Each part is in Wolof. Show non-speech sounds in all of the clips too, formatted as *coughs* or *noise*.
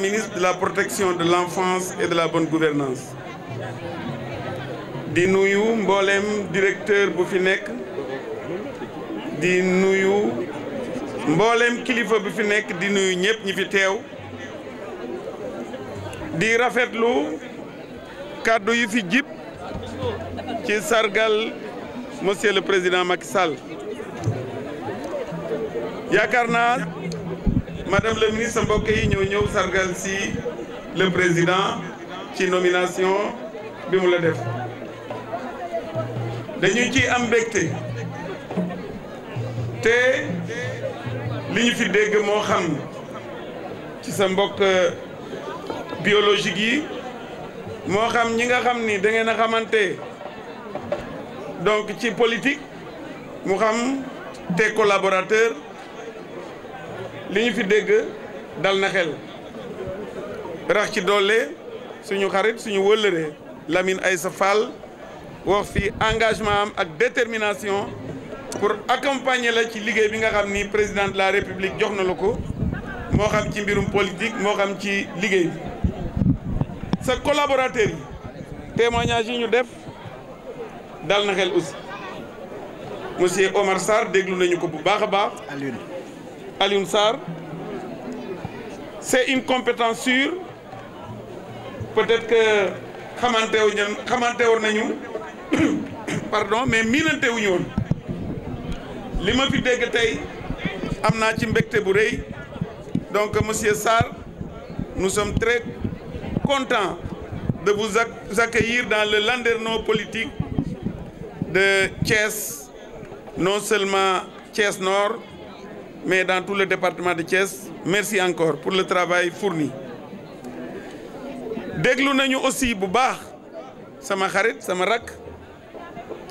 ministre de la protection de l'enfance et de la bonne gouvernance di nuyu mbooleem directeur bu fi nekk di nuyu mbooleem kilifa bu fi nekk di nuyu ñëpp ñi fi teew di rafetlu kàddu yi fi jib ci sargal monsieur le président Macky Sall madame le ministre mbokk yi ñëw ñëw sargal si le président ci nomination bi mu la def dañu ci am mbégte te li ñu fi dégg moo xam ci sa mbokk biologique yi moo xam ñi nga xam ni da ngeen a xamante donc ci politique mu xam tes collaborateurs li ñu fi dégg dal na xel rax ci doole suñu xarit suñu wëllëree Lamine Aïssa Fall wax fi engagement am ak détermination pour accompagner la ci liggéey bi nga xam ni président de la république jox na la ko moo xam ci mbirum politique moo xam ci liggéey bi sa collaborateur yi témoignage yi ñu def dal na xel aussi monsieur Omar Sarr déglu nañu ko bu baax a baax. Alioune Sarr c'est une compétence sûre peut-être que xamante wu ñu xamante woon *coughs* mais miinante wuñu woon li ma fi dégg tey am naa ci mbégte bu rëy donc monsieur Sarr nous sommes très contents de vous accueillir dans le landerneau politique de Thiès non seulement Thiès Nord mais dans tout les département de Thiès merci encore pour le travail fourni déglu nañu aussi bu baax sama xarit sama rak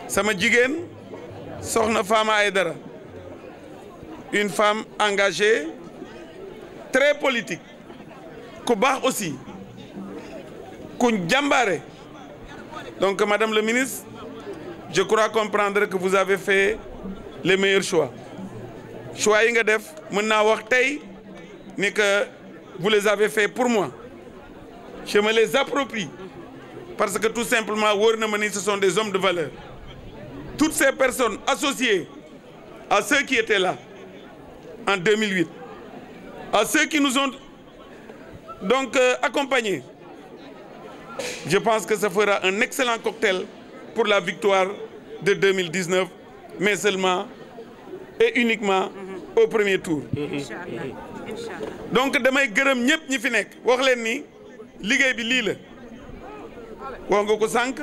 sama jigéen soxna Fama dara une femme engagée très politique ku baax aussi ku jàmbaare donc madame le ministre je crois comprendre que vous avez fait les meilleurs choix choix yi nga def mën naa wax tey ni que vous les avez fait pour moi je me les approprie parce que tout simplement wóor na ma ni ce sont des hommes de valeur toutes ces personnes associées à ceux qui étaient là en 2008 à ceux qui nous ont donc euh, accompagnés je pense que ça fera un excellent cocktail pour la victoire de 2019 mais seulement et uniquement au premier tour. donc damay gërëm ñëpp ñi fi nekk wax leen ni liggéey bi lii la wax nga ko sànq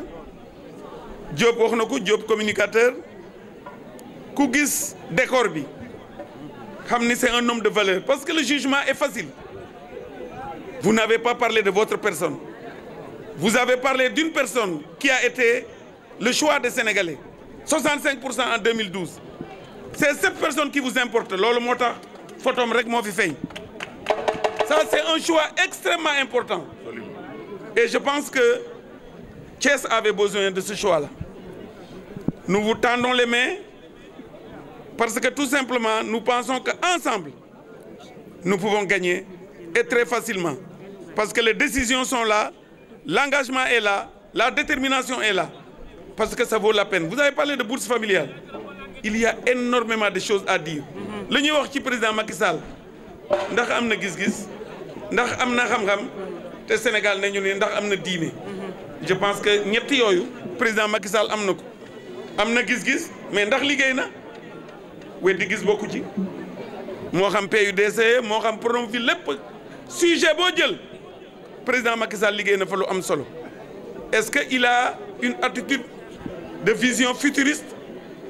Diop wax na ko Diop communicateur ku gis décor bi xam ni c'est un homme de valeur parce que le jugement est facile vous n'avez pas parlé de votre personne vous avez parlé d'une personne qui a été le choix des Sénégalais 65 pour cent en 2012. c'est cette personne qui vous importe loolu moo tax photom rek moo fi feeñ ça c'est un choix extrêmement important et je pense que Thiès avait besoin de ce choix-là nous vous tendons les mains parce que tout simplement nous pensons que ensemble nous pouvons gagner et très facilement parce que les décisions sont là l'engagement est là la détermination est là parce que ça vaut la peine vous avez parlé de bourse familiale il y a énormément de choses à dire mhm. li ñuy wax ci président makisal ndax am na gis-gis ndax am na xam-xam te Sénégal ne ñu ne ndax am na diine mhm. je pense que ñett yooyu président Macky am na ko am na gis-gis mais ndax liggéey na weddi gis bokku ci moo xam PUDC moo xam Promovilles fi lépp sujet boo jël président Macky liggéey na fa lu am solo est-ce que il a une attitude de vision futuriste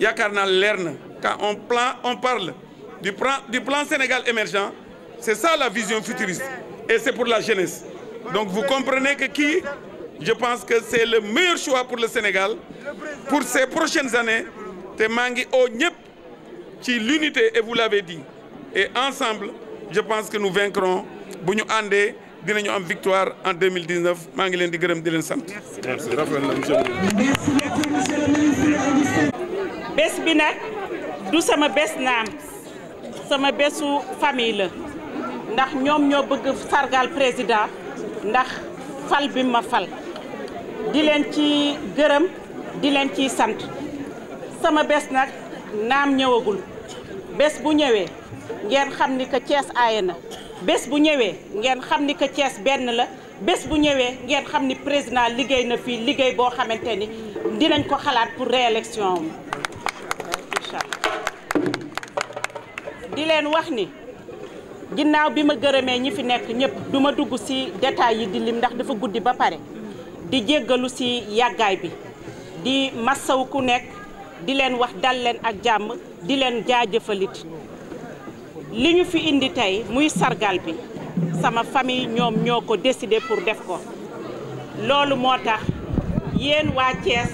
yaakaar naa leer na quand on plan on parle du plan du plan Sénégal émergent c'est ça la vision futuriste et c'est pour la jeunesse donc vous comprenez que kii je pense que c'est le meilleur choix pour le Sénégal pour ces prochaines années te maa ngi oo ñëpp ci l'unité et vous l'avez dit et ensemble je pense que nous vaincrons bu ñu àndee dinañu am victoire en 2019 maa ngi leen di gërëm di leen sant. merci merci bés bi nag du sama bés naam sama bésu famille la ndax ñoom ñoo bëgg sargal président ndax fal bi ma fal di leen ci gërëm di leen ci sant sama bés nag naam ñëwagul bés bu ñëwee ngeen xam ni que Thiès aaye na bés bu ñëwee ngeen xam ni que cees benn la bés bu ñëwee ngeen xam ni président liggéey na fii liggéey boo xamante ni dinañ ko xalaat pour réélection am di leen wax ni ginnaaw bi ma gërëmee ñi fi nekk ñëpp duma dugg ci détails yi di lim ndax dafa guddi ba pare di jéggalu ci yàggaay bi di massaw ku nekk di leen wax dal leen ak jàmm di leen jaa jaajëfalit li ñu fi indi tey muy sargaal bi sama famille ñoom ñoo ko décidé pour def ko loolu moo tax yéen waa Thiès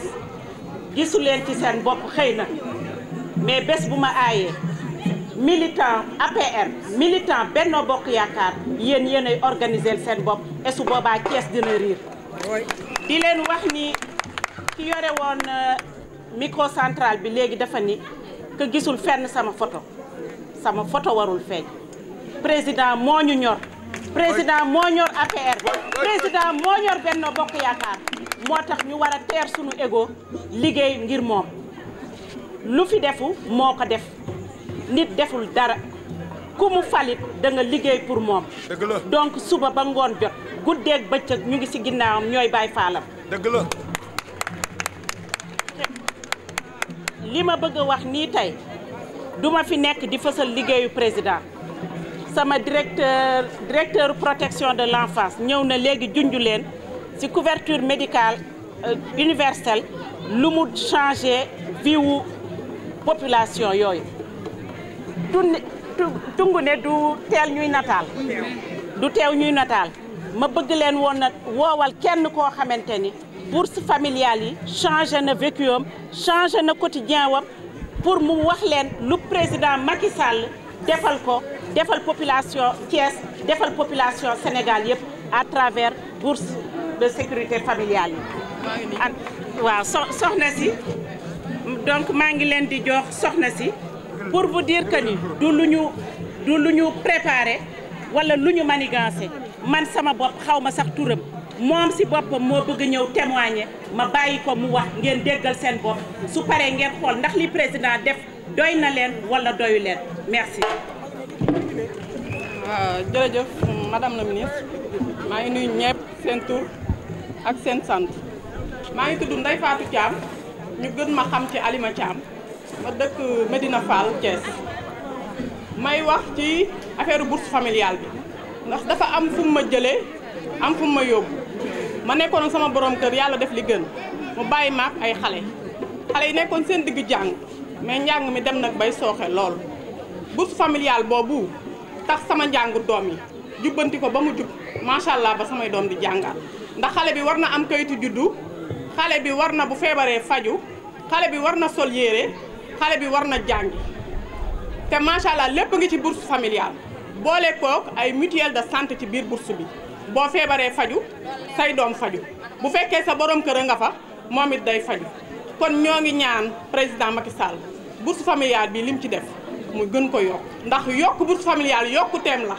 gisuleen ci seen bopp xëy na mais bés bu ma aaye militant APR militant Benno Bokk Yaakaar yéen yéen ay organiser seen bopp et su boobaa Thiès dina riir di leen wax ni ki yore woon euh, central bi léegi dafa ni que gisul fenn sama photo sama photo warul feeñ président moo ñu ñor président moo ñor APR président moo ñor Benno Bokk Yaakaar moo tax ñu war a teer suñu égo liggéey ngir moom lu fi defu moo ko def nit deful dara ku mu falit da liggéey pour moom donc suba ba ngoon jot guddeeg bëccëg ñu ngi ci ginnaawam ñooy bàyyi faalam dëgg la li ma bëgg a wax nii tey duma fi nekk di fësal liggéeyu président sama directeur directeur protection de l'enfance ñëw na léegi junj leen ci couverture médicale euh, universelle lu mu changé vie wu population yooyu tungu ne du teel ñuy nataal du teew ñuy nataal ma bëgg leen woon na woowal kenn koo xamante ni bourse familiale yi changé na vécu am changé na quotidien wam pour mu wax leen lu président Macky Sall defal ko defal population Thiès defal population Sénégal yëpp à travers bourse de sécurité familiale yi waaw soxna si donc maa ngi leen di jox soxna si pour vous dire que ni du lu ñu du lu ñu préparé wala lu ñu manigancé man sama bopp xaw ma sax turam moom si boppam moo bëgg ñëw témoigner ma bàyyi ko mu wax ngeen déggal seen bopp su paree ngeen xool ndax li président def doy na leen wala doyu leen merci. waaw ah, jërëjëf madame la ministre maa ngi nuyu ñëpp seen tur ak seen sant maa ngi tudd Ndeye Fatou Thiam ñu gën ma xam ci Alima Thiam. ma dëkk Medina Fall Thiès may wax ci affaire bourse familiale bi ndax dafa am fu ma jëlee am fu ma yóbbu ma nekkoon sama borom kër yàlla def li gën mu bàyyi maak ay xale xale yi nekkoon seen diggu jàng mais njàng mi dem nag bay sooxe lool bourse familiale boobu tax sama njàngu doom yi jubbanti ko ba mu jub macha allah ba samay doom di jàngaat ndax xale bi war na am kayitu juddu xale bi war na bu feebaree faju xale bi war na sol yére xale bi war na jàngi te macha allah lépp ngi ci bourse familiale boole kook ay mutuelle de santé ci biir bourse bi boo feebaree faju say doom faju bu fekkee sa borom kër a nga fa moom it day faju kon ñoo ngi ñaan président Macky Sall bourse familiale bi lim ci def mu gën ko yokk ndax yokk bourse familiale yokku teem la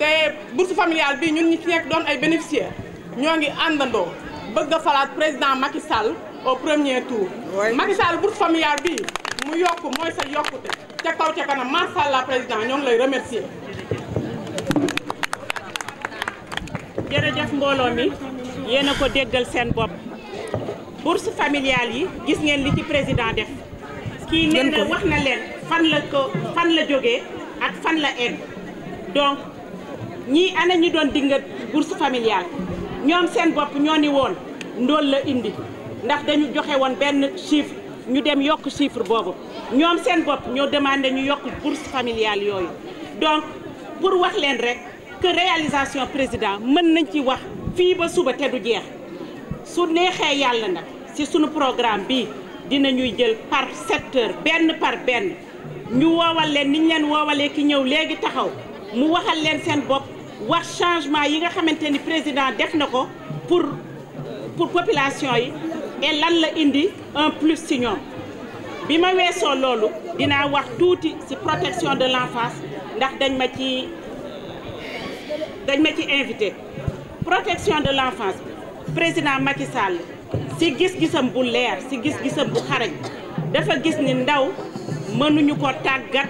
te bourse familiale bi ñun ñi ci nekk doon ay bénéficiaire ñoo ngi àndandoo bëgg a falaat président Macky Sall au premier tour Macky Sall bourse familiale bi mu yokk mooy sa yokkute ca kaw ca kanam macha allah président ñoo lay remercier. jërëjëf mbooloo mi yéen a ko déggal seen bopp bourse familiale yi gis ngeen li ci président def. kii nee na wax na leen fan la ko fan la jógee ak fan la egg donc ñii ana ñi doon dingat bourse familiale ñoom seen bopp ñoo ni woon ndool la indi ndax dañu joxe woon benn chiffre. ñu dem yokk chiffre boobu ñoom seen bopp ñoo demandé ñu yokk bourse familiale yooyu donc pour wax leen rek que réalisation président mën nañ ci wax fii ba suba te du jeex su neexee yàlla nag si suñu programme bi dinañuy jël par secteur benn par benn ñu woowal leen niñ leen woowalee ki ñëw léegi taxaw mu waxal leen seen bopp wax changement yi nga xamante ni président def na ko pour pour population yi et lan la indi un plus ci ñoom bi ma weesoo loolu dinaa wax tuuti ci protection de l'enfance ndax dañ ma ci dañ ma ci invité protection de l'enfance président Macky Sall ci gis-gisam bu leer ci gis-gisam bu xarañ dafa gis ni ndaw mënuñu ko tàggat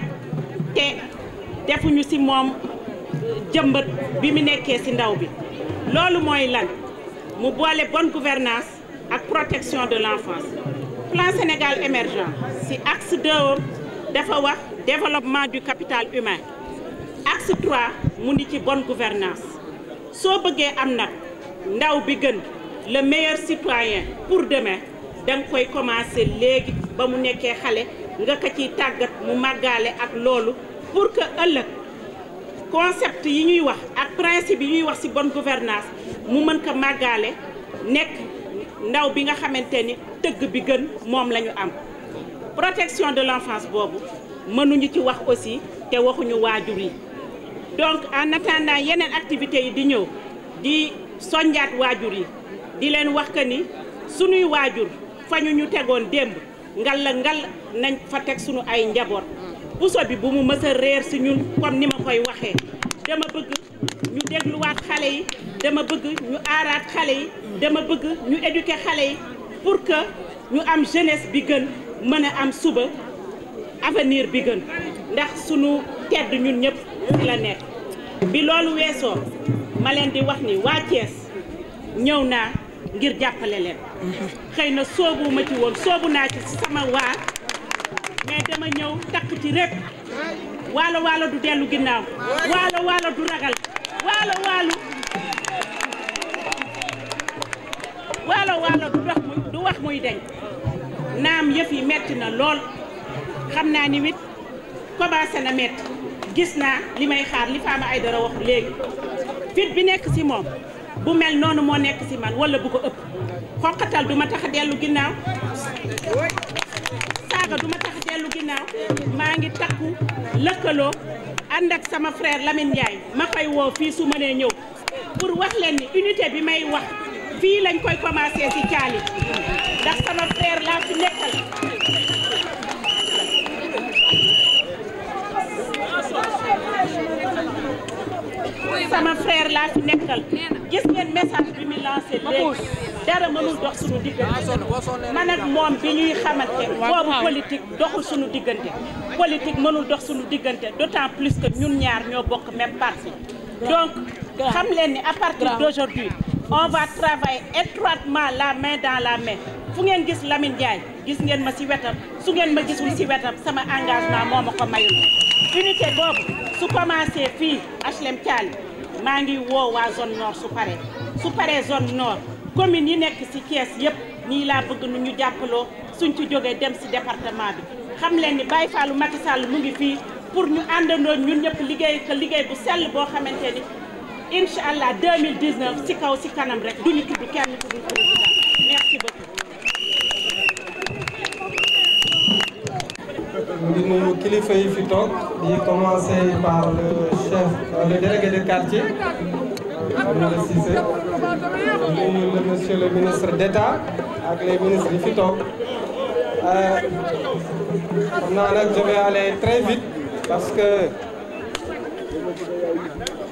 te defuñu ci moom euh, jëmbët bi mu nekkee ci ndaw bi loolu mooy lan mu boole bonne gouvernance ak protection de l'enfance plan Sénégal émergent ci axe 2 dafa wax développement du capital humain axe 3 mu ngi ci bon gouvernance soo bëggee am nag ndaw bi gën le meilleur citoyen pour demain da koy commencer léegi ba mu nekkee xale nga ko ciy tàggat mu màggaale ak loolu pour que ëllëg concept yi ñuy wax ak principe yi ñuy wax ci bonne gouvernance mu mën ko màggaale nekk ndaw bi nga xamante ni tëgg bi gën moom la ñu am protection de l'enfance boobu mënuñu ci wax aussi te waxuñu waajur yi donc en attendant yeneen activités yi di ñëw di sonjaat waajur yi di leen wax que ni sunuy waajur fa ñu ñu tegoon démb ngal la ngal nañ fa teg sunu ay njaboot puso bi bu mu mës a réer si ñun comme ni ma koy waxee dama bëgg ñu dégluwaat xale yi dama bëgg ñu aaraat xale yi dama bëgg ñu éduquer xale yi pour que ñu am jeunesse bi gën mën a am suba avenir bi gën ndax sunu tedd ñun ñëpp ci la nekk bi loolu weesoo ma leen di wax ni waa cees ñëw naa ngir jàppale leen xëy na soobuwuma ci woon soobu naa ci sama waa mais dama ñëw takk ci rek waalo waalo du dellu ginnaaw waalo waalo du ragal waalo waalo waalo waalo du wax muy du wax muy deñ naam yëf yi metti na lool xam naa ni wit commencé na metti gis naa li may xaar li Fama Aidara wax léegi fit bi nekk ci moom bu mel noonu moo nekk ci man walla bu ko ëpp xoqatal du ma tax a dellu ginnaaw saaga du ma tax dellu ginnaaw maa ngi takku lëkkaloo ànd ak sama frère Lamine Ndiaye ma koy woo fii su mënee ñëw pour wax leen ni bi may wax fii lañ koy commencé ci caali ndax sama frère laa fi nekkal laa fi nekkal gis ngeen message bi mu lancé dara mënul dox suñu diggante man ak moom bi ñuy xamante boobu politique doxul suñu diggante politique mënul dox suñu diggante d'autant plus que ñun ñaar ñoo bokk même parti donc xam leen ni à partir d'aujourd'hui on va travailler étroitement la main dans la main fu ngeen gis Lamine Ndiaye gis ngeen ma ci wetam su ngeen ma gisul ci wetam sama engagement moo ma ko mayul unité boobu su commencé fii HLM Thiali maa ngi woo zon zone nord su pare su paree zone nord commune yi nekk ci Thiès yëpp nii laa bëgg nu ñu jàppaloo suñ ci jógee dem ci département bi xam leen ni Baye Fallou Macky mu ngi fii pour ñu àndandoo ñun ñëpp liggéey ko liggéey bu sell boo xamante incha allah 2019 si kaw si kanam rek du ñu tudd kenn ku dul président merci beaucoup. di nuyu kilifa yi fi toog di commencer par le chef euh, le délégué de quartier Amady Cissé di nuyu le monsieur le ministre d'État ak les ministres yi fi toog euh, xam naa nag je vais aller très vite parce que.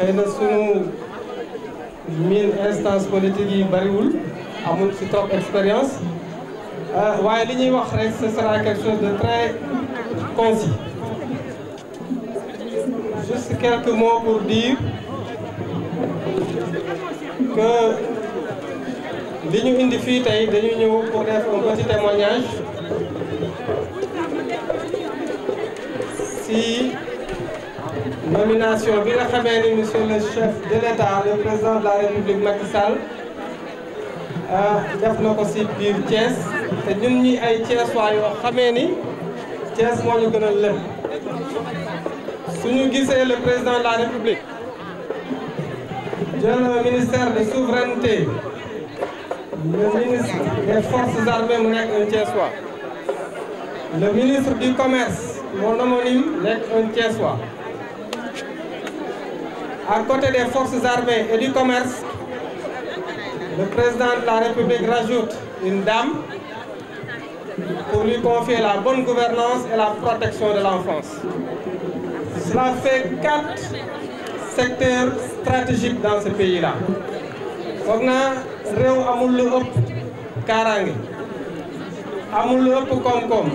xëy na sunu miin instance politique yi bariwul amul ci trop expérience euh, waaye li ñuy wax rek ce sera chose de très concis juste quelques mots pour dire que li ñu indi fii tey dañuy ñëw pour def un petit témoignage si nomination bi nga xamee ni le chef de l'État le président de la République Macky Sall euh, def na ko te ñun ay Thiès waa yoo xamee ni Thiès moo ñu gën a lem suñu gisee le président de la République jël ministère de souveraineté le ministre des forces armées mu nekk un du commerce mon homonyme nekk un Thiessois à côté des forces armées et du commerce, le président de la République rajoute une pour lui confier la bonne gouvernance et la protection de l'enfance. Cela fait quatre secteurs stratégiques dans ce pays-là. foog naa réew amul lu ëpp kaaraange amul lu ëpp koom-koom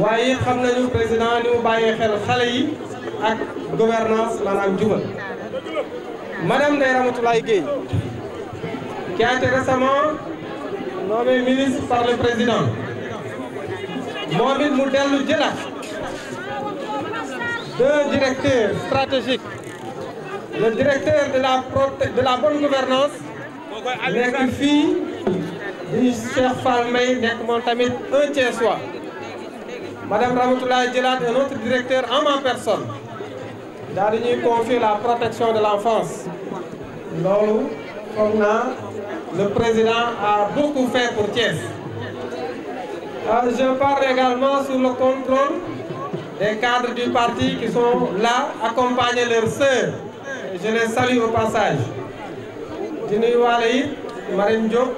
waaye xam nañu président ni mu xel xale ak gouvernance madame Ndeye Ramatoulaye Gueye qui a été récemment nommée ministre par le président moom it mu dellu jëlaat deux directeurs stratégiques le directeur de la de la bonne gouvernance nekk fii di Cheikh Fall May nekk moom tamit un Thiessois madame Ramatoulaye jëlaat un autre directeur en ma personne daal di ñuy la protection de l'enfance loolu foog naa le président à beaucoup fait pour Thiès euh, je parle également sur le contrôle des cadres du parti qui sont là accompagner leurs sœurs je les salue au passage di nuyu waale Marine Diop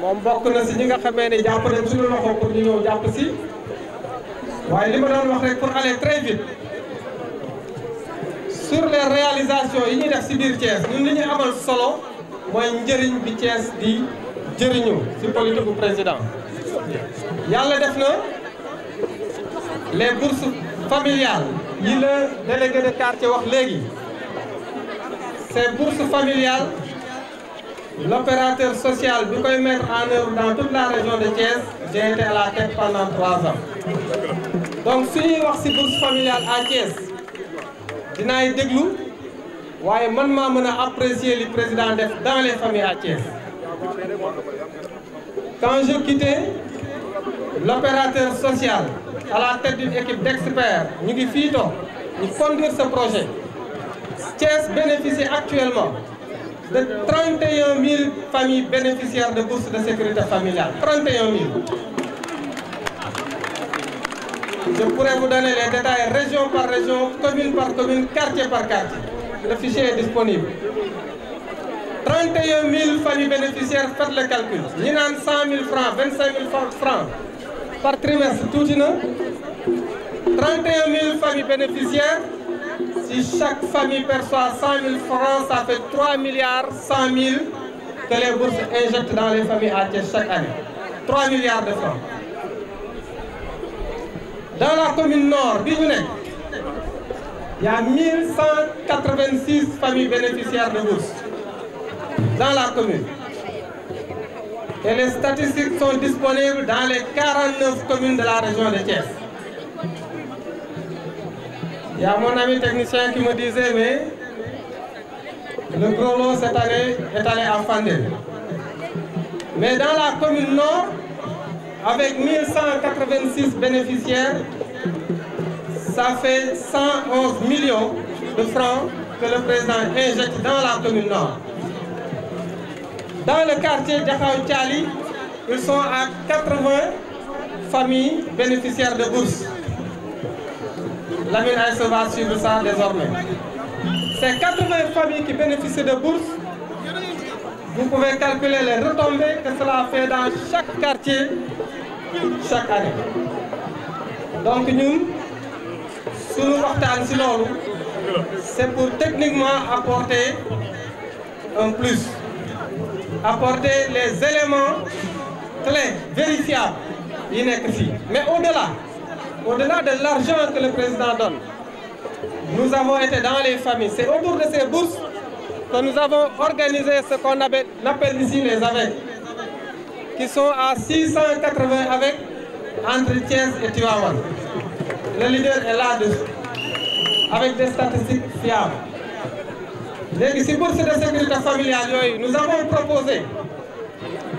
moom bokk na si ñi nga xamee ne jàpp nañ suñu loxo pour ñu ñëw jàpp si waaye li ma doon wax rek pour aller très vite sur les réalisations yi ñu def ci biir Thiès ñun ñu amal solo mooy njëriñ bi Thiès di jëriñu ci politique bu président yàlla def na les bourses familiales yi la délégué de quartier wax léegi ces bourses familiales l'opérateur sociale bi koy mettre en œuvre dans toute la région de Thiès j'ai été à la tête trois ans donc suñuy wax ci bourse familiale à Thiès dinaay déglu waaye man maa mën a apprécier li président def dans les familles à Thiès quand je quittais l'opérateur social à la tête d'une équipe d'experts ñu ngi fii toog ñu conduire ce projet Thiès bénéficie actuellement de 31 000 familles de bourses de sécurité familiale 31 Je pourrais vous donner les détails région par région, commune par commune, quartier par quartier. Le fichier est disponible. 31 000 familles bénéficiaires, faites le calcul. Nous avons 100 000 francs, 25 000 francs par trimestre, tout une. 31 000 familles bénéficiaires, si chaque famille perçoit 100 000 francs, ça fait 3 milliards 100 000 que les bourses dans les familles à chaque année. 3 milliards de francs. dans la commune nord bi ñu nekk y a 1186 familles bénéficiaires de bourse dans la commune et les statistiques sont disponibles dans les 49 communes de la région de Thiès. Il y a mon ami technicien qui me disait, mais le gros lot cette année est allé à Fandel. Mais dans la commune nord, avec 1186 bénéficiaires, ça fait 111 millions de francs que le président injecte dans la commune Nord. Dans le quartier Diakhaou-Thiali, ils sont à 80 familles de bourses. Lamine Aïssa va suivre ça désormais. Ces vous pouvez calculer les retombées que cela fait dans chaque quartier chaque année donc ñun suñu waxtaan ci loolu c'est pour techniquement apporter en plus apporter les éléments clés vérifiables yi nekk fii mais au-delà au-delà de l'argent que le président donne nous avons été dans les familles c'est autour de ces bourses que nous avons organisé ce qu'on appelle, appelle, ici les AVEC, qui sont à 680 AVEC entre Thiès et Tivaouane. Le leader est là-dessus, avec des statistiques fiables. Les de sécurité familiale, nous avons proposé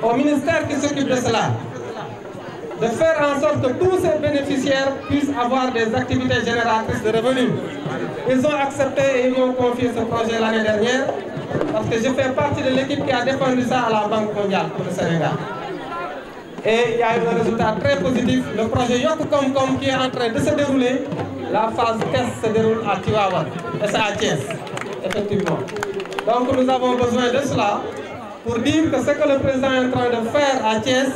au ministère qui s'occupe de cela de faire en sorte que tous ces bénéficiaires puissent avoir des activités Ils ont accepté et ils m'ont confié ce projet l'année dernière parce que je fais partie de l'équipe qui a défendu ça à la Banque mondiale pour le Sénégal. Et il y a eu résultat très positif. Le projet Yoku Kom Kom qui est en de se dérouler, la phase test se déroule à Tiwawan et c'est à Thiès, effectivement. Donc nous avons besoin de cela pour dire que ce que le président est de faire à Thiès,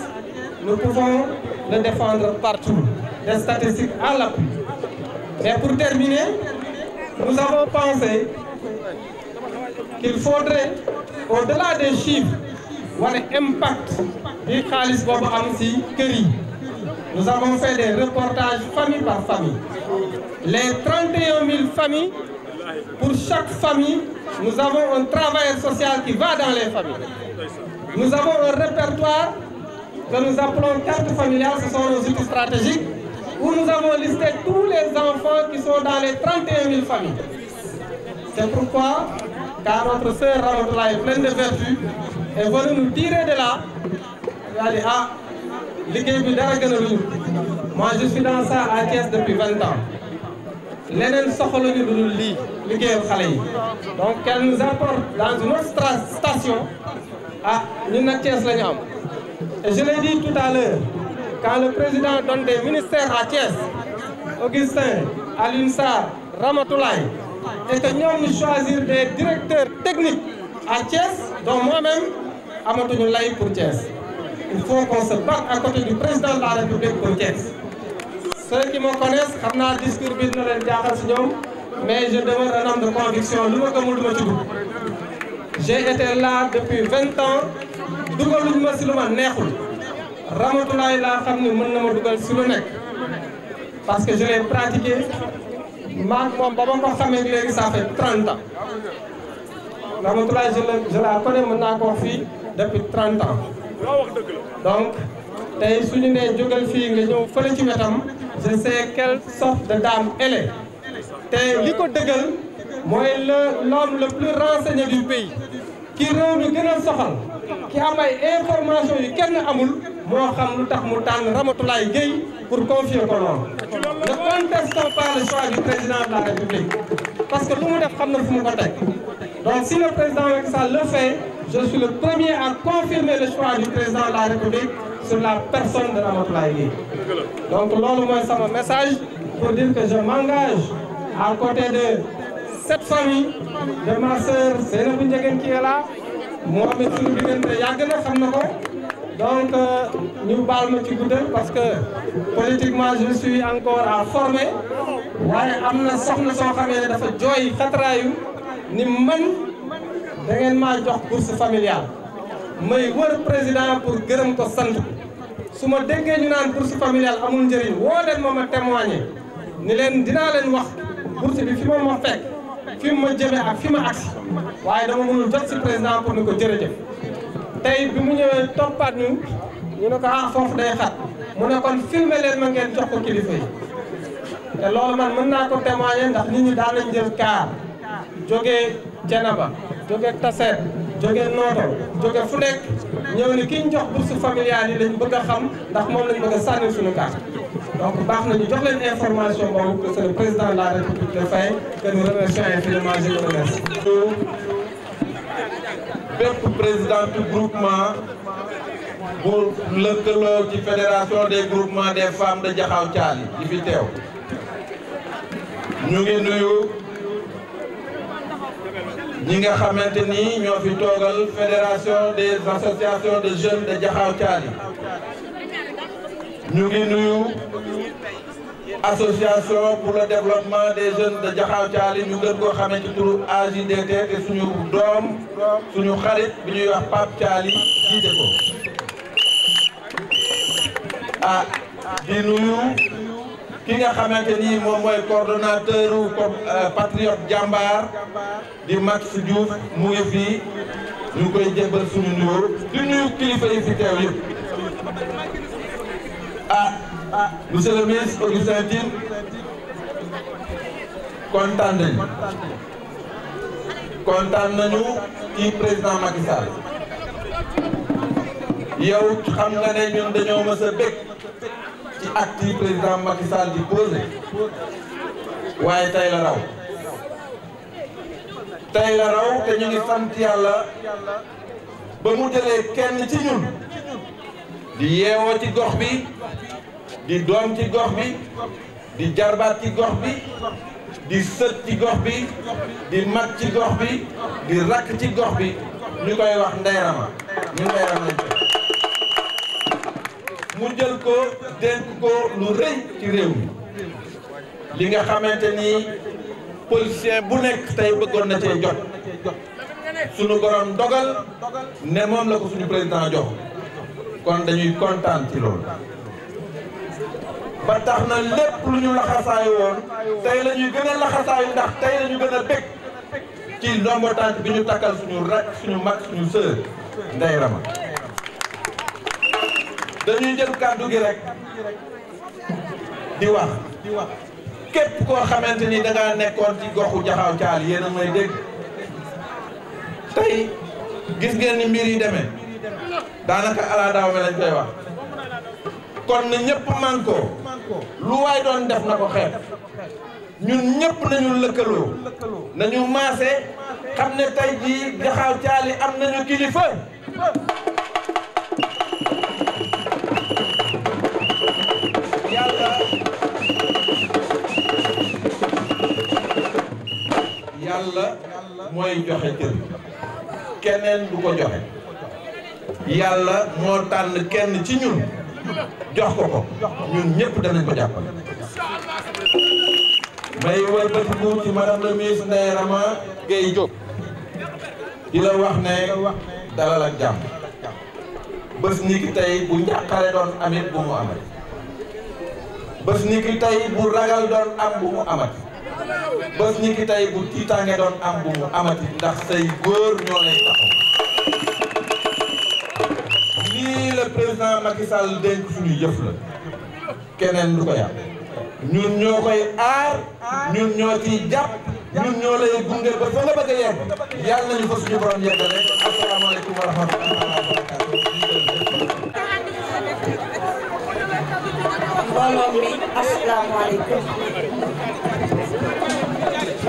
nous pouvons le défendre partout, des statistiques à nous avons pensé qu'il faudrait au-delà des chiffres wane impact bi xaalis boobu am ci kër yi nous avons fait des reportages famille par famille les 31 000 chaque famille nous avons un travailleur social qui va les familles nous avons un répertoire que nous appelons carte familiale ce sont où nous avons listé tous les enfants qui sont dans les 31 000 familles. C'est pourquoi, car notre sœur Ramotla est pleine de vertu, est venue nous tirer de là, elle ah, moi je suis dans ça à Thiès depuis 20 ans. leneen soxla ñu dul lii liggéeyal xale yi donc qu'elle nous apporte dans une autre station ah ñun am et je l'ai quand le président donne des ministères à Thiès, Augustin, Alinsar, Ramatoulaye, et que nous allons choisir des directeurs techniques à Thiès, dont moi-même, Amatou Laï pour Thiès. Il faut a se batte à côté du président de la République pour Thiès. Ceux qui me connaissent, je discours mais je demeure un homme de conviction. J'ai été là depuis 20 ans. Je ne Ramatulaay laa xam ne mën na ma dugal si lu nekk parce que je l'ai pratiqué maag moom ba ma ko xamee léegi ça fait 30 ans Ramatulaay je la je la connais mën naa ko wax fii depuis 30 donc tey su ne nee jógal fii nga ñëw fële ci wetam je sais quelle sorte de li ko dëggal mooy le l'homme le plus renseigné du pays ki réew mi soxal ki am ay yu kenn amul moo xam lu tax mu tànn Ramatoulaye Gueye pour confier ko ne contestons le choix président de la République parce que lu mu def xam na fu mu ko teg donc si le président Macky Sall le fait je suis le premier à confirmer le choix du président de la République sur la personne de Ramatoulaye Gueye donc loolu mooy sama message pour dire que je m'engage à côté de cette famille de ma sœur Seynabou Ndiéguène qui est là moom it suñu diggante yàgg na xam na ko donc euh, ñu baal ma ci guddal parce que politiquement je suis encore à former waaye am na soxna soo xamee ne dafa jooy xatraayu ni man da ngeen maa jox bourse familiale may wër président pour gërëm ko sant su ma déggee ñu naan bourse familiale amul njëriñ woo leen ma ma témoigner ni leen dinaa leen wax bourse bi fi ma ma fekk fi ma jëme ak fi ma agsi waaye dama mënul jot si président pour ni ko jërëjëf tey bi mu ñëwee toppaat ñu ñu ne ko ah foofu day xat mu ne kon filmer leen ma ngeen jox ko kilifa yi te loolu man mën naa ko témoigner ndax nit ñi daan nañ jël kaar jógee Cenaba jógee Taseet jógee Nooto jógee fu nekk ñëw ni ki ñu jox bourse familiale yi lañ bëgg a xam ndax moom lañ bëgg a sànni suñu carte donc baax na ñu jox leen information boobu que c'est le président de la république de Faye que nous remercions infiniment je bépp président du groupement bu lëkkaloo ci fédération des groupement des femmes de Jaxaw Caali yi fi teew ñu ngi nuyu ñi nga xamante ni ñoo fi toogal fédération des associations de jeunes de Jaxaw Caali ñu nuyu association pour le développement des jeunes de Jaxaw Thiali ñu gën koo xamee ci turu AJDT te suñu doom suñu xarit bi ñuy wax Pape Thiali jiite ko ah di nuyu ki nga xamante ni moom mooy coordonnateur u euh, patriote jàmbaar di Max Diouf mu ngi fii ñu koy jébbal suñu nuyoo di nuyu kilifa yi yëpp ah, Ah, monsieur le ministre Augustin Tine kontaan nañu kontaan nañu ci président Macky Sall yow xam nga ne ñun dañoo mës a bég ci acte yi président Macky Sall di posé waaye tey la raw tey la raw te ñu ngi sant yàlla ba mu jëlee kenn ci ñun di yeewoo ci gox bi di doom ci gox bi di jarbaat ci gox bi di sët ci gox bi di mat ci gox bi di rakk ci gox bi ñu koy wax Ndeye Rama ñu Ndeye mu jël ko dénk ko lu rëy ci réew mi li nga xamante ni politicien bu nekk tey bëggoon na cee jot suñu borom dogal ne moom la ko suñu président jox kon dañuy kontaan ci loolu ba tax na lépp lu ñu laxasaay woon tey la ñuy gën a laxasaayu ndax tey la ñu gën a ci ndombo tànk bi ñu takkal suñu rak suñu mag suñu sœur Ndeye Rama dañuy jël kàddu gi rek di wax di wax képp koo xamante ni da ngaa nekkoon ci goxu jaxaaw caal yéen a may dégg tey gis ngeen ni mbir yi demee daanaka ala daaw me lañ koy wax kon na ñëpp mànkoo lu waay doon def na ko xeet ñun ñëpp nañu lëkkaloo nañu maase xam ne tey jii jaxaaw caali am nañu kilifa yàlla yàlla mooy joxe cër keneen du ko joxe yàlla moo tànn kenn ci ñun jox ko ko ñun ñëpp danañ ko jàppale. may wëlbatiku ci madame la ministre Ndeye Rama Guèye Diop di la wax ne dalal ak jàmm bés ni ki tey bu njàqare doon amit bu mu amat bés ni ki tey bu ragal doon am bu mu amat bés ni ki tey bu tiitaange doon am bu mu amati ndax say góor ñoo lay taxaw. président Macky Sall dénk suñu jëf la keneen du ko yàq ñun ñoo koy aar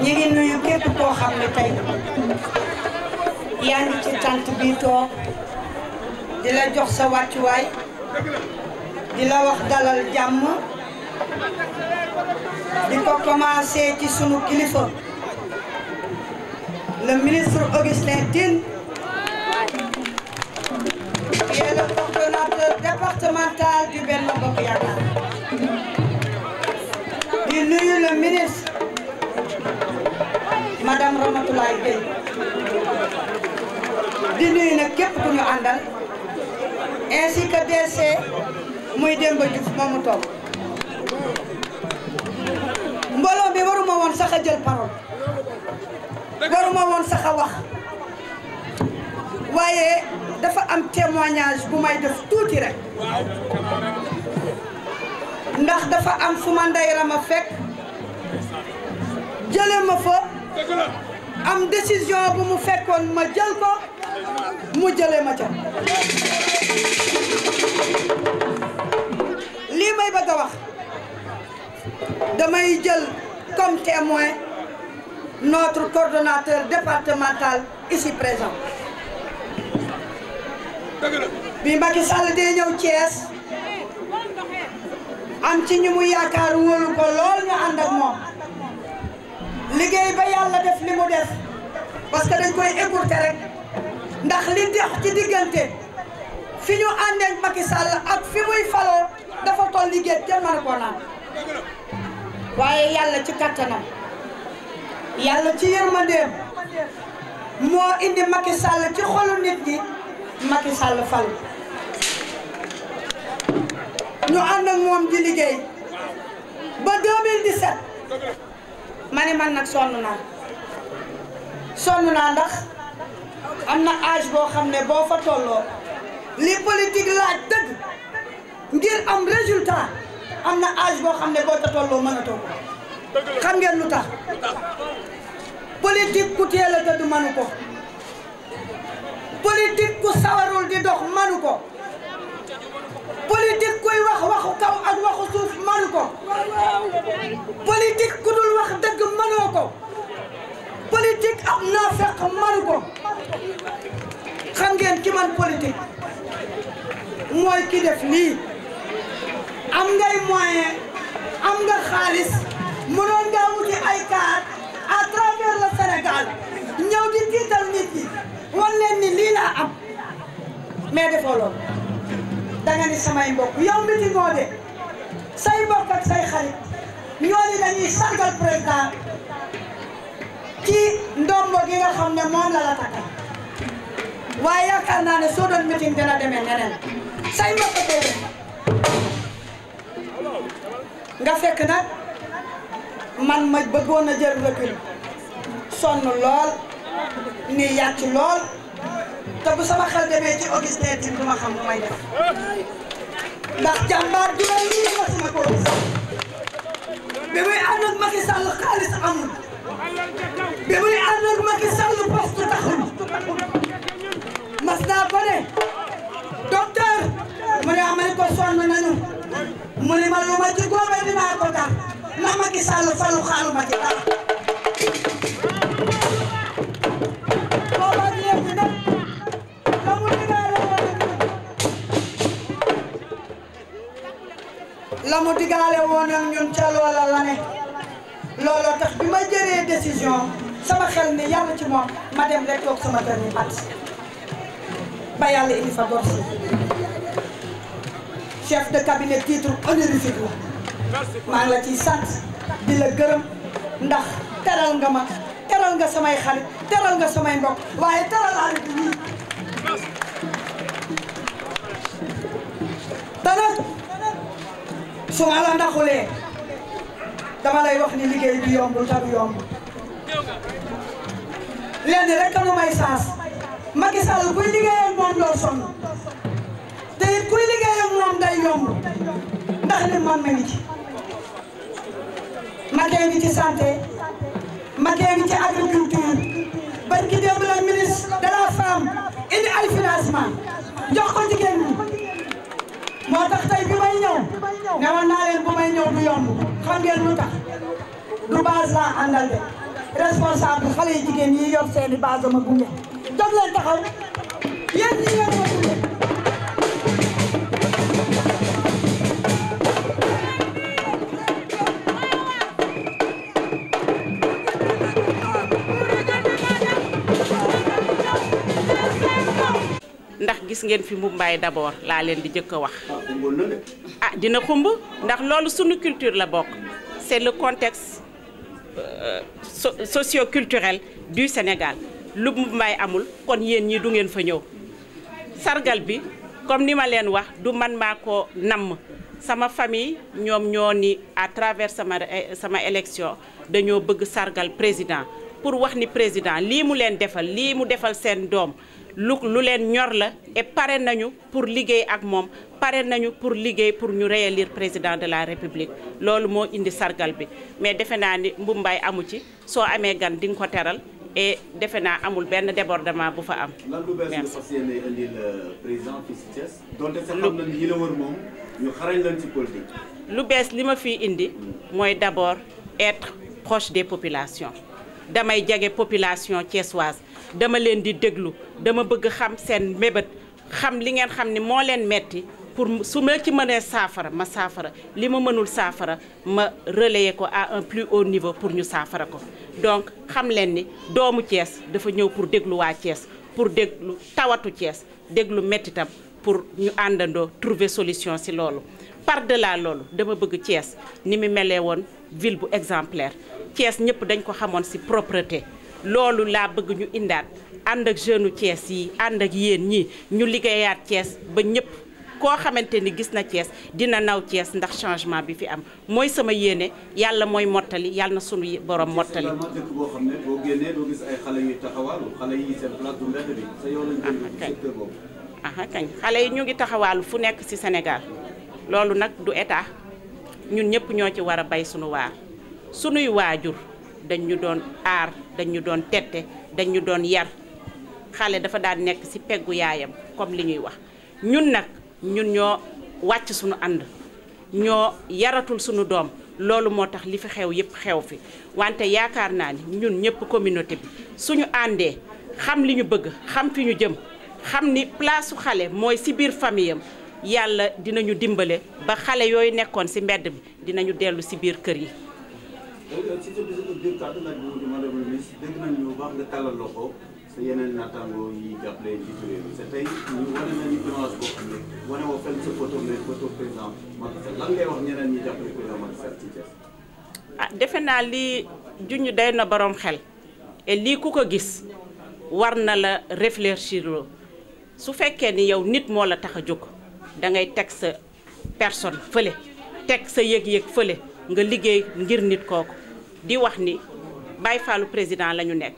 yàlla xam ne tey yaa ci tànt bi toog di la jox sa wàccuwaay di la wax dalal jàmm di ko commencé ci sumu kilifa le ministre Augustin Tine qui est le coordonnateur départemental du ministre madame Ramatoulaye Gueye di nuyu nag képp ku ñu àndal ainsi que DC muy Demba Diouf moomu toog mbooloo bi waruma woon sax a jël parole waruma sax a wax waaye dafa am témoignage bu may def tuuti rek ndax dafa am fu ma ndeyram a fekk jële ma fa am décision bu mu fekkoon ma jël mu jële ma ca lii may bëgg a wax damay jël comme témoin notre coordonnateur départemental ici présent bi Macky Sall dee ñëw Thiès am ci ñu mu yaakaar wóolu ko lool ñu ànd ak moom liggéey ba yàlla def li mu def parce que dañ koy écourter rek ndax li dex ci diggante fi ñu àndeeg Macky Sall ak fi muy faloo dafa toll liggéey kenn mën waaye yàlla ci kattanam yàlla ci yërmandeem moo indi Macky ci xolu nit fal ñu ànd moom di liggéey ba 2017 ma ne man nag sonn naa sonn naa ndax am na âge boo xam ne boo fa tolloo li politique laaj dëgg ngir am résultat am na âge boo xam ne boo ta tolloo mënatoo ko xam ngeen lu tax politique ku teel a tëdd ko politique kuy wax waxu kaw ak waxu suuf mënu ko politique ku dul wax dëgg mënoo ko politique ab naafeq mënu ko xam ngeen ki man mooy ki def lii am ngay moyen am nga xaalis mënoon ngaa wuti ay kaar à travers le Sénégal ñëw di tiital nit yi wan leen ni lii laa am mais defoo loolu danga ni samay mbokk yow mi ci de say mbokk ak say xarit ñooñu dañuy sargal président ci ndombo gi nga xam ne moom la waaye yaakaar naa ne soo doon meeting dana demee neneen say mbokk koy def nga fekk nag man ma bëggoon a jël recul sonn lool ni yàcc lool te bu sama xel demee ci Augustin Tine du ma xam lu may def ndax jàmbaar du la ma sama ko gis bi muy ànd ak Macky Sall xaalis amul bi muy ànd ak Macky Sall poste taxul mas naa ba ne mu ne amee ko sonn nañu mu ne ma lu ma ci góobee dinaa ko tax ndax ma gisaalu falu xaalu ma ci la mu digaale woon ak ñun ca loola la ne looloo tax bi ma jëree décision sama xel ni yàlla ci moom ma dem toog sama kër ni pat ba yàlla indi fa bor chef de cabinet titre honorifique la maa ngi la ciy sant di la gërëm ndax teral nga samay xarit teral nga samay mbokk waaye teral xarit ñii dana su ma la ndaxulee dama lay wax ni liggéey bi yombul te du yomb may saas Macky Sall kuy liggéeyal moom doo sonn te it kuy liggéeyal moom day yomb ndax li man ma ngi ci Macky ngi ci santé Macky ngi ci agriculture bañ ki la ministre de la femme indi ay financement jox ko jigéen ñi moo tax tey bi may ñëw ne woon naa bu may ñëw du yomb xam ngeen tax du base la àndal responsable xale yi jigéen yi yor seeni base ma gunge ndax gis ngeen fi mbumbaay d'abord laa leen di jëkk a wax ah, ah dina xumb ndax loolu sunu culture la bokk c'est le contexte euh, socio-culturel du Sénégal lu mbaay amul kon yéen ñi du ngeen fa ñëw sargal bi comme ni ma leen wax du man maa ko namm sama famille ñoom ñoo ni à travers sama eh, sama élection dañoo bëgg sargal président pour wax ni président lii mu leen defal lii mu defal seen doom lu lu leen ñor la pare nañu pour liggéey ak moom pare nañu pour liggéey pour ñu réélire président de la république loolu moo indi sargal bi mais defe naa ni mbumbaay amu ci soo amee gan di nga ko teral defe naa amul benn débordement bu fa am. lan lu bees euh, li ma fi indi. mooy d' abord être proche des populations. damay jege population thiessoise dama leen di déglu dama bëgg xam seen mébét xam li ngeen xam ni moo leen metti pour su ma ci mënee saafara ma saafara li ma mënul saafara ma relayer ko à un plus haut niveau pour ñu saafara ko donc xam leen ni doomu Thiès dafa ñëw pour déglu waa Thiès pour déglu tawatu Thiès déglu mettitam pour ñu àndandoo trouver solution si loolu par-delà de loolu dama bëgg Thiès ni mu melee woon ville bu exemplaire Thiès ñëpp dañ ko xamoon ci propreté loolu laa bëgg ñu indaat ànd ak jeune Thiès yi ànd ak yéen ñii ñu liggéeyaat Thiès ba ñëpp koo xamante ni gis na Thiès dina naw cees ndax changement bi fi am mooy sama yéene yàlla mooy mottali yàlla na sunu borom mottali. boo génnee doo gis ay xale yi seen ñu ngi taxawaalu fu nekk ci Sénégal loolu nag du état ñun ñëpp ñoo ci war a bay sunu waar sunuy waajur dañ doon aar dañ doon tette dañ doon yar xale dafa daan nekk ci peggu yaayam comme li ñuy wax ñun nag. ñun ñoo wàcc suñu ànd ñoo yaratul sunu doom loolu moo tax li fi xew yëpp xew fi wante yaakaar naa ni ñun ñëpp communauté bi suñu àndee xam li ñu bëgg xam fi ñu jëm xam ni place su xale mooy si biir famille am yàlla dinañu dimbale ba xale yooyu nekkoon si mbedd bi dinañu dellu si biir kër yi. sa yeneen ni image boo ah defe naa lii juñu day na boroom xel et lii ku ko gis war na la réfléchir loo su fekkee ni yow nit moo la tax a jóg da ngay teg sa personne fële teg sa yëg-yëg fële nga liggéey ngir nit kooku di wax ni bàyyi faalu président lañu nekk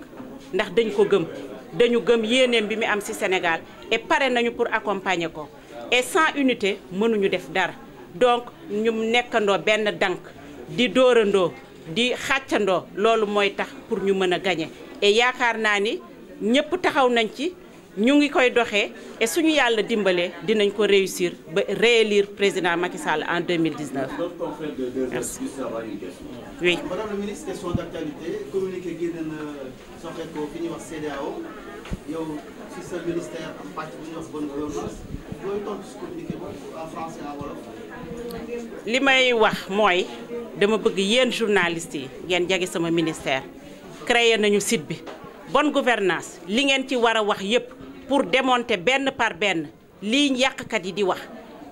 ndax dañ ko gëm dañu gëm yéeneem bi mu am ci Sénégal et pare nañu pour accompagner ko et sans unité mënuñu def dara donc ñu nekkandoo benn dank di dóorandoo di xàccandoo loolu mooy tax pour ñu mën a gañe et yaakaar naa ni ñëpp taxaw nañ ci ñu ngi koy doxee et suñu yàlla dimbalee dinañ ko réussir ba réélire président Macky Sall en 2019. merci. oui. madame la li may wax mooy dama bëgg yéen journalistes yi ngeen jage sama ministère créé nañu site bi bonne gouvernance li ngeen ci war a wax yépp pour démonter benn par benn lii yàqkat yi di wax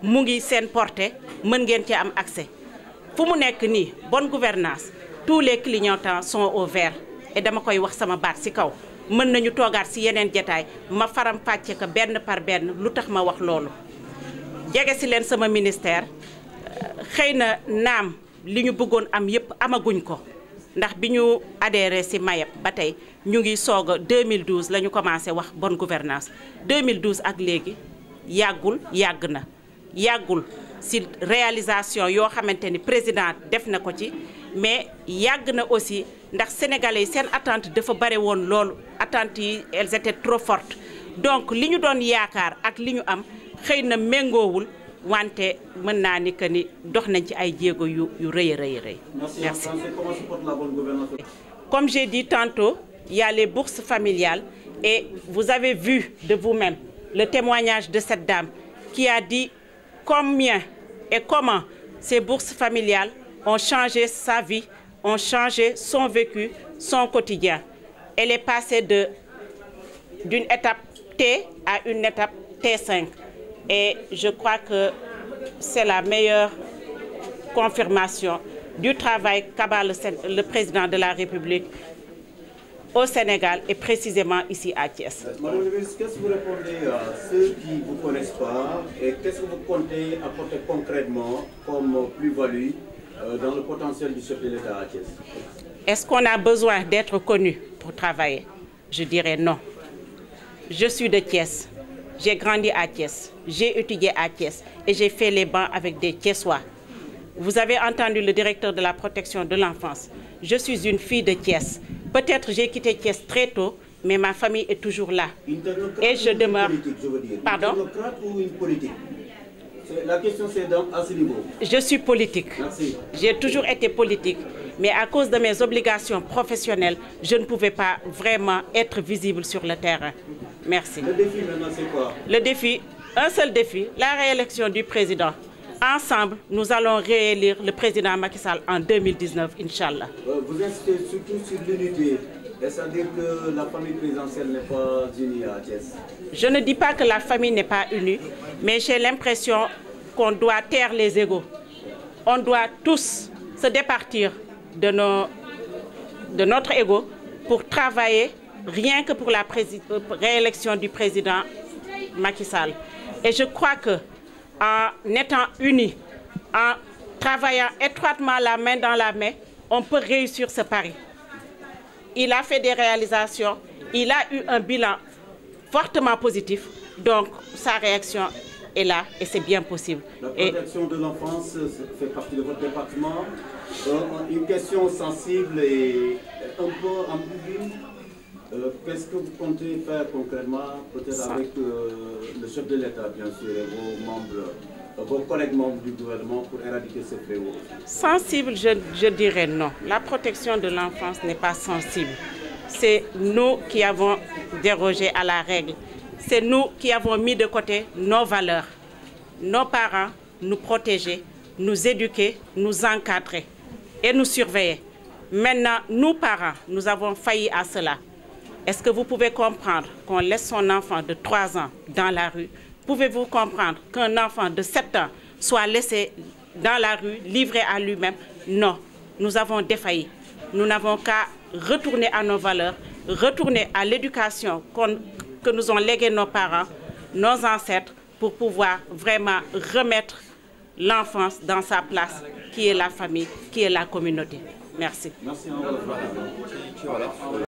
mu ngi seen portée mën ngeen ci am accès fu mu nekk nii bonne gouvernance tous les clignotants sont au vert dama koy wax sama baat ci kaw mën nañu toogaat ci yeneen jataay ma faram fàcce ko benn par benn lu tax ma wax loolu jege ci leen sama ministère xëy na naam li ñu bëggoon am yépp amaguñ ko ndax bi ñu adhéré ci MAEP ba tey ñu ngi soog a 2012 la ñu commencé wax bon gouvernance 2012 ak léegi yàggul yàgg na yàggul ci réalisation yoo xamante ni président def na ko ci mais yàgg na aussi ndax sénégalais yi seen attente dafa bare woon loolu attentes yi elles trop fortes donc li ñu doon yaakaar ak li ñu am xëy na méngoowul wante mën naa ni que ni dox nañ ci ay jéego yu yu rëy a rëy rëy. merci comme j'ai dit tantôt il les bourses familiales et vous avez vu de vous-même le témoignage de cette dame qui a dit combien et comment ces bourses familiales ont changé sa vie ont changé son vécu son quotidien elle est passée de d'une étape T à une étape T5 Et je crois que c'est la meilleure confirmation du travail qu'abat le, le, président de la République au Sénégal et précisément ici à Thiès. Euh, Madame le ministre, qu'est-ce que vous répondez euh, à ceux qui ne vous connaissent pas et qu'est-ce que vous comptez apporter concrètement comme plus-value euh, dans le potentiel du chef de l'État à Thiès Est-ce qu'on a besoin d'être connu pour travailler Je dirais non. Je suis de Thiès. J'ai grandi à Thiès, j'ai étudié à Thiès et j'ai fait les bancs avec des Thiessois. Vous avez entendu le directeur de la protection de l'enfance. Je suis une fille de Thiès. Peut-être j'ai quitté Thiès très tôt, mais ma famille est toujours là. Une et je ou demeure. Une je politique La Je suis politique. J'ai toujours été politique, mais à cause de mes obligations professionnelles, je ne pouvais pas vraiment être visible sur le terrain. Merci. Le défi maintenant, c'est la réélection du président. Ensemble, nous allons président Macky Sall en 2019, Inch'Allah. Euh, vous insistez surtout sur l'unité. cest à la famille présidentielle n'est mais j'ai l'impression qu'on doit taire les égaux. On rien que pour la euh, réélection du président Macky Et je crois que en étant unis, en travaillant étroitement la main dans la main, on peut réussir ce pari. Il a fait des réalisations, il a eu un bilan fortement positif, donc sa réaction est là et c'est bien possible. et... de euh, euh, une question sensible et un peu ambiguë. Euh, Qu'est-ce que vous comptez faire concrètement, euh, euh, Sensible, je, je non. La protection de l'enfance n'est pas sensible. C'est nous qui avons dérogé à la règle. C'est nous qui avons mis de côté nos valeurs. Nos parents nous protégeaient, nous éduquaient, nous encadraient et nous surveillaient. Maintenant, nous parents, nous avons failli à cela. Est-ce que vous pouvez comprendre qu'on laisse son enfant de 3 ans dans la rue Pouvez-vous comprendre qu'un enfant de 7 ans soit laissé dans la rue, livré à lui-même Non, nous avons défailli. Nous n'avons qu'à retourner à nos valeurs, retourner à l'éducation qu que nous ont légué nos parents, nos ancêtres, pour pouvoir vraiment remettre l'enfance dans sa place, qui est la famille, qui la communauté.